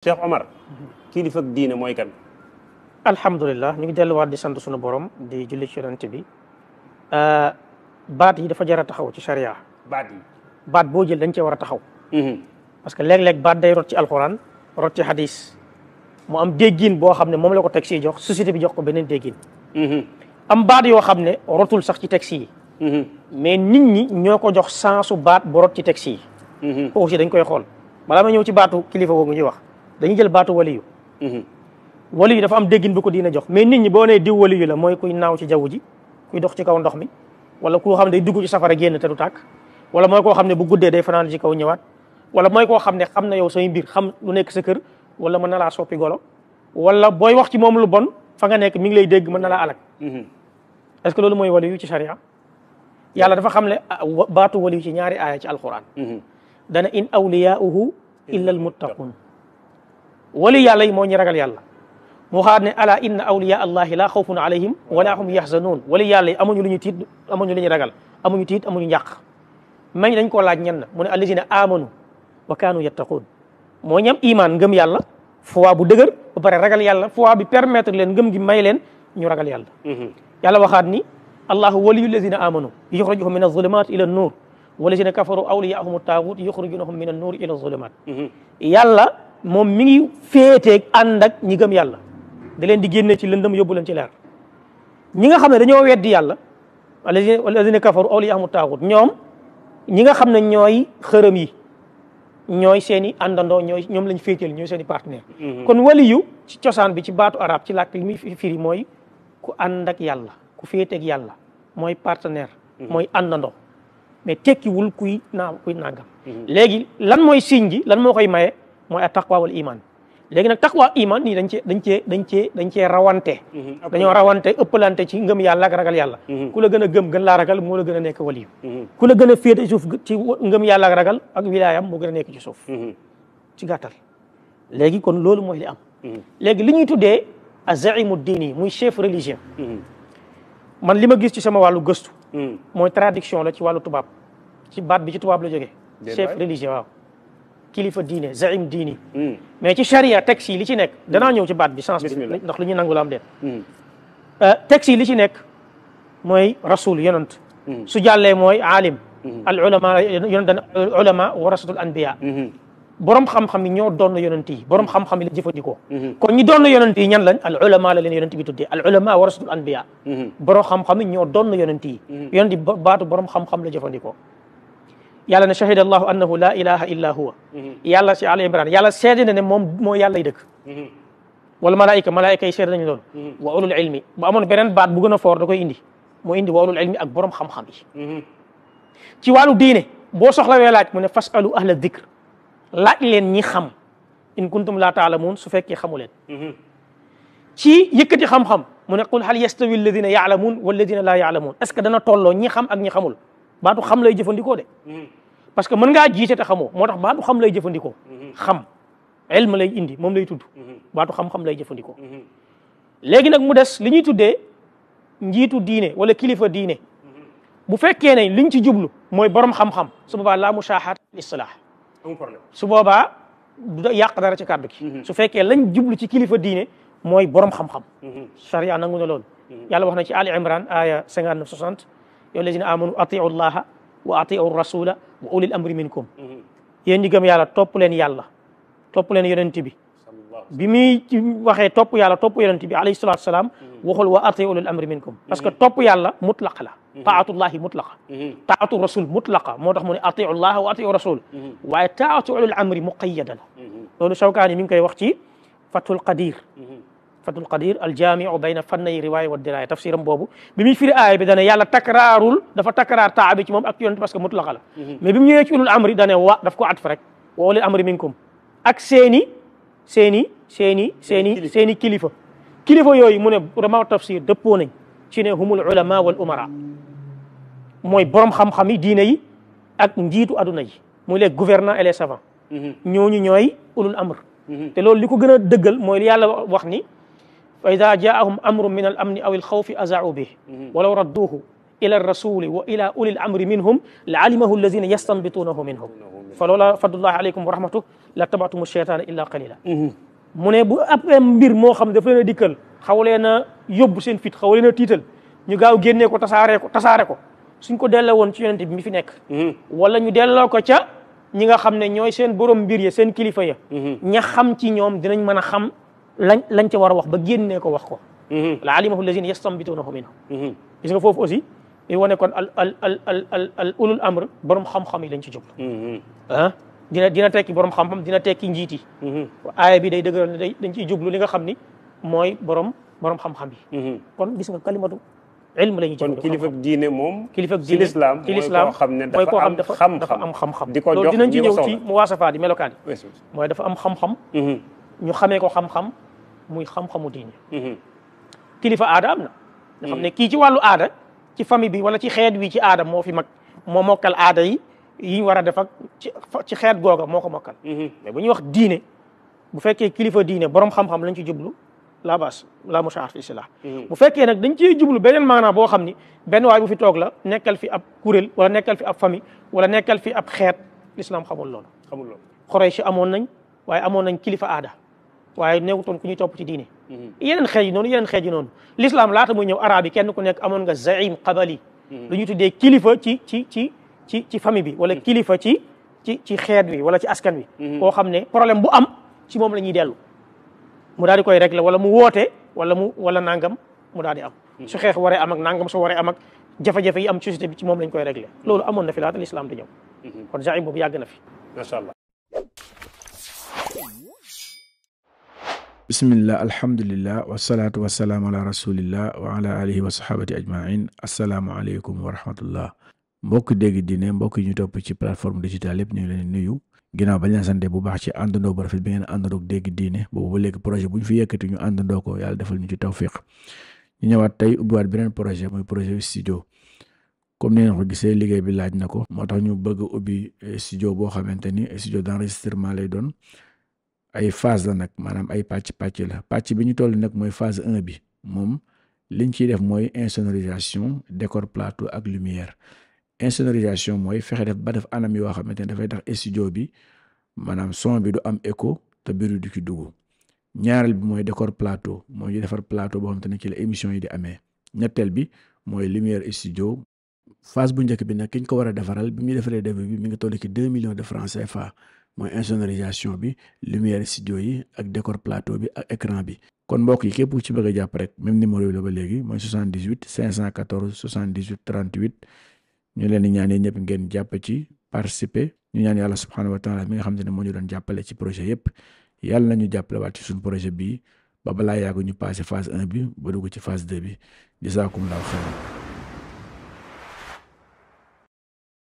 Cheikh Omar kilifa diine mooy kan alhamdulilah ñu ngi delluwaat di sant sunu borom di julli ci yonent bi euh, baat yi dafa jar a taxaw ci sharia baat baat boo jël dañ cee war a taxaw mhm. parce que léeg-léeg baat day rot ci alquran rot ci hadis mu am déggin boo xam ne moom la ko teg si jox société bi jox ko beneen déggin mhm. am baat yoo xam ne rotul sax ci texte yi mhm. mais nit ñi ñoo ko jox sensu baat bu rot ci texte yi ko aussi dañ koy xool balaa ma ñëw ci baatu kilifa googu ñuy wax dañuy jël baatu waliyu mhm. waliyu dafa am déggin bu ko diina jox mais nit ñi boo nee diw waliyu la mooy kuy naaw ci jaww ji kuy dox ci kaw ndox mi wala koo xam ne day dugg ci safara génn te du tàkk wala mooy koo xam ne bu guddee day fanaan ci kaw ñëwaat wala mooy koo xam ne xam na yow say mbir xam lu nekk sa kër wala mën na laa soppi golo wala booy wax ci moom lu bon fa nga nekk mi ngi lay dégg mën na laa alak mhm. est-ce que loolu mooy waliyu ci charia yàlla dafa xam ne ah, baatu waliyu ci ñaari aaya ci alquran mhm. dana in awliyauhu illa almuttaqun wali yàlla moo ñu ragal yàlla mu xaar ne ala inna awliya allahi la xawfun alayhim wala hum yaxzanuun wali yàlla yi amuñu lu ñu tiit amuñu lu ñu ragal amuñu tiit amuñu njàq mañ dañ koo laaj ñenn mu ne allisina amanu wa kaanu yattaquun moo ñam iman ngëm yàlla foi bu dëgër ba pare ragal yàlla foi bi permettre leen ngëm gi may leen ñu ragal yàlla mm-hmm. yàlla waxaat ni allahu waliyu lazina amanu yuxrijuhum min azulumat ila nuur walazina kafaru awliyaahum taagut yuxrijunahum min annuur ila azulumat mm-hmm. yàlla moom mi ngi féeteeg ànd ak ñi gëm yàlla da leen di génne ci lëndëm yóbbu leen ci laar ñi nga xam ne dañoo weddi yàlla alladina kafaru awliyaahum taaxut ñoom ñi nga xam ne ñooy xërëm yi ñooy seeni i àndandoo ñooy ñoom lañu féeteel ñooy seen i partenaire mm-hmm. kon waliyu ci cosaan bi ci baatu arab ci làkk mi muy firi mooy ku ànd ak yàlla ku féeteeg yàlla mooy partenaire mm-hmm. mooy àndandoo mais tekkiwul kuy naa kuy nangam mm-hmm. léegi lan mooy signe gi lan moo koy maye mooy at taqwa imaan iman léegi nag taqwa imaan nii dañ cee dañ cee dañ cee dañ cee rawante mhm, dañoo rawante ëppalante ci ngëm yàlla ak ragal yàlla mhm. ku la gën a gëm gën laa ragal moo la gën a nekk waliyu mhm. ku la gën a féete suuf ci ngëm yàlla ak ragal ak wilaayam moo gën a nekk ci suuf ci gàttal léegi kon loolu mooy li am léegi li ñuy tuddee azaimu diini muy chef religieux man li ma gis ci sama wàllu gëstu mooy traduction la ci wàllu tubaab ci baat bi ci tubaab la jógee chef religieux waaw kilifa diine zaim diini. Hmm. mais ci charia texte li ci nekk. danaa hmm. ñëw ci baat bi sens bi ndax lu ñuy nangu la am déet. Hmm. Euh, texte li ci nekk mooy rasul yonant. su jàllee mooy aalim. al ulama yonant dana euh, ulama warasatul anbiya. borom xam-xam yi ñoo doon yonant yi borom xam-xam yi la jëfandikoo. kon ñi doon yonant yi ñan lañ al ulama la leen yonant bi tuddee al ulama warasatul anbiya. borom xam-xam yi ñoo doon yonant yi. yonant yi baatu borom xam la jëfandikoo. yàlla ne shahida allahu annahu la ilaha illa huwa mhm. yàlla si al imran yàlla seede na ne moom moo yàllay dëkk mhm. wala malaayika malaayika yi seede nañ loolu mhm. wa ulul ilmi bu amoon beneen baat bu gën a foor da koy indi moo indi wa ulul ilmi ak borom xam-xam yi ci wàllu diine boo soxlawee laaj mu ne fasalu ahla dikr laaj leen ñi xam in kuntum laa taalamuun su fekkee xamu leen ci yëkkati xam-xam mu ne qul hal yastawi alladina yaalamuun walladina laa yaalamuun est ce que dana tolloo ñi xam ak ñi xamul baatu xam lay jëfandikoo de parce que mën ngaa jiite te xamoo moo tax baatu xam lay jëfandikoo. Mhm. xam ilm lay indi moom lay tudd. Mhm. baatu xam-xam lay jëfandikoo. Mhm. léegi nag mu des li ñuy tuddee njiitu diine wala kilifa diine. bu fekkee ne liñ ci jublu mooy borom xam-xam su boobaa laa mushaahaat istilaah. su boobaa du yàq dara ci kàddu gi. su fekkee lañ jublu ci kilifa diine mooy borom xam-xam. charia nangu na loolu. yàlla wax na ci al Imran aya 59 60 yow lazina amanu atiu llaha wa atiu rasula wa ulil amri minkum mm-hmm. yéen ñi gëm yàlla topp leen yàlla topp leen yonent bi bi muy waxee topp yàlla topp yonent bi alayhi salatu salaam mm-hmm. waxul wa atiu ulil amri minkum mm-hmm. parce que topp yàlla mutlaq la taatullahi mutlaqa taatu rasul mutlaqa moo tax mu ne atiu llah wa atiu rasul waaye taatu ulil amri muqayada la loolu Shawkaani mi ngi koy wax ci fathul qadir fatul qadir aljaamiu bayna fannay riwaaya wa diraaya tafsiram boobu bi muy firi aaya bi dane yàlla takraarul dafa takraar taa moom ak yonent parce mhm. bi mu ñëwee ulul amri dane wa daf ko at fa rek wa ulil amri minkum ak seeni seeni seeni seeni kilifa kilifa yooyu mu ne rama tafsir dëppoo nañ ci ne humul ulama mooy borom xam-xam yi diine yi ak njiitu aduna yi muy les gouvernants et les savants mhm. ñooñu ñooy ulul amr mhm. te loolu li gën a dëggal mooy yàlla wax ni fa ida jaahum amrun min al amni aw al xawfi azaau bih mhm. walaw radduuhu ila rasuli wa ila ulil amri minhum la alimahu allazina yastanbituunahu minhum fa loola fadlullahi aleykum wa rahmatuh la tabaatumu cheytaana illa qalila mhm. mu ne bu ab mbir moo xam daf leen a dikkal xaw leen a yóbbu seen fit xaw leen a tiital ñu gaaw génnee ko tasaaree ko tasaare ko suñ ko delloo woon ci yonente bi mi fi nekk mhm. wala ñu delloo ko ca ñi nga xam ne ñooy seen borom mbir ya seen kilifa ya ña xam ci ñoom dinañ mën a xam lañ lañ ca war a wax ba génnee ko wax ko mhm. la alimahu allazina yastambitunahu minhu mhm. gis nga foofu aussi i wane kon al al al al al ulul amr borom xam-xam yi lañ ci jublu mhm. ah dina dina tekki borom xam-xam dina tekki njiit yi aaya bi day dëgëral ne day dañ ciy jublu li nga xam ni mooy borom borom xam-xam yi kon gis nga kalimatu ilm la ñuy jël kon kilifa diine moom kilifa diine ci lislaam mooy koo xam ne dafa am xam-xam am xam di ko jox dinañ ci ñëw ci mu waasafaat yi mooy dafa am xam-xam ñu xamee ko xam-xam muy xam-xamu diine. Mhm. kilifa aada am na. ne mhm. kii ci wàllu aada ci famille bi wala ci xeet wi ci aada moo fi mag moo mokkal aada yi yi ñu war a def ak ci xeet googa moo ko mokkal. ba mhm. bu ñuy wax diine bu fekkee kilifa diine borom xam-xam lañ ci jublu la bas la mushahar fi silah bu fekkee nag dañ ciy jublu beneen maanaa boo xam ni benn waay bu fi toog la nekkal fi ab kuréel wala nekkal fi ab famille wala nekkal fi ab xeet l'islam xamul loolu. xamul loolu Quraysh amoon nañ waaye amoon nañ kilifa aada. waaye newutoon ku ñuy topp ci diine mhm. yeneen xeej yi noonu yeneen xeej yi noonu l'islam laata muy ñëw arab yi kenn ku nekk amoon nga zaim qabali mhm. lu ñu tuddee kilifa ci ci ci ci ci famille bi wala mhm. kilifa ci ci ci xeet wi wala ci askan wi koo xam ne problème bu am ci moom la ñuy dellu mu daal di koy régler wala mu woote wala mu wala nangam mu daal di am su xeex waree am ak nangam soo waree amak ak jafe yi am société bi ci moom lañ koy régler loolu amoon na fi laata lislaam di ñëw kon zaim yàgg na fi macha bismillah alhamdulillah wasalaatu wasalaam ala rasulillah wa ala alihi wa sahabati ajmain asalaamualeykum wa rahmatullah mbokk dégg diine mbokk ñu topp ci plateforme digitale yëpp ñu ngi leen nuyu ginnaaw bañ leen sante bu baax ci àndandoo rafet bi ngeen àndandoo dégg diine boobu ba léegi projet ñu fi yëkkati ñu àndandoo ko yàlla defal ñu ci tawfiq ñu ñëwaat tey ubbiwaat beneen projet muy projet studio comme ni ngeen ko gisee liggéey bi laaj na ko moo tax ñu bëgg ubbi studio boo xamante ni studio d'enregistrement lay doon ay phase la nag maanaam ay pàcc pàcc la pàcc bi ñu toll nag mooy phase un bi moom liñ ciy def mooy insonorisation décor plateau ak lumière insonorisation mooy fexe def ba def anam yoo xamante ne dafay tax studio bi maanaam son bi du am écho te biru du ki dugg ñaareel bi mooy décor plateau mooy ñu defar plateau boo xamante ne ci la émission yi di amee ñetteel bi mooy lumière studio phase bu njëkk bi nag ki ñu ko war a defaral bi mu defaree début bi mi ngi toll ci deux millions de mooy insonorisation bi lumière studio yi ak décor plateau bi ak écran bi kon mbokk yi képp ku ci bëgg a jàpp rek même numéro bi la ba léegi mooy 78 514 78 38 ñu leen di ñaan ñëpp ngeen jàpp ci participer ñu ñaan yàlla subhaanahu wa taala mi nga xam te ne moo ñu doon jàppale ci projet yëpp yàlla nañu jàppale waat ci suñu projet bi ba balaa yàgg ñu passé phase 1 bi ba dugg ci phase 2 bi jazaakumullahu xayran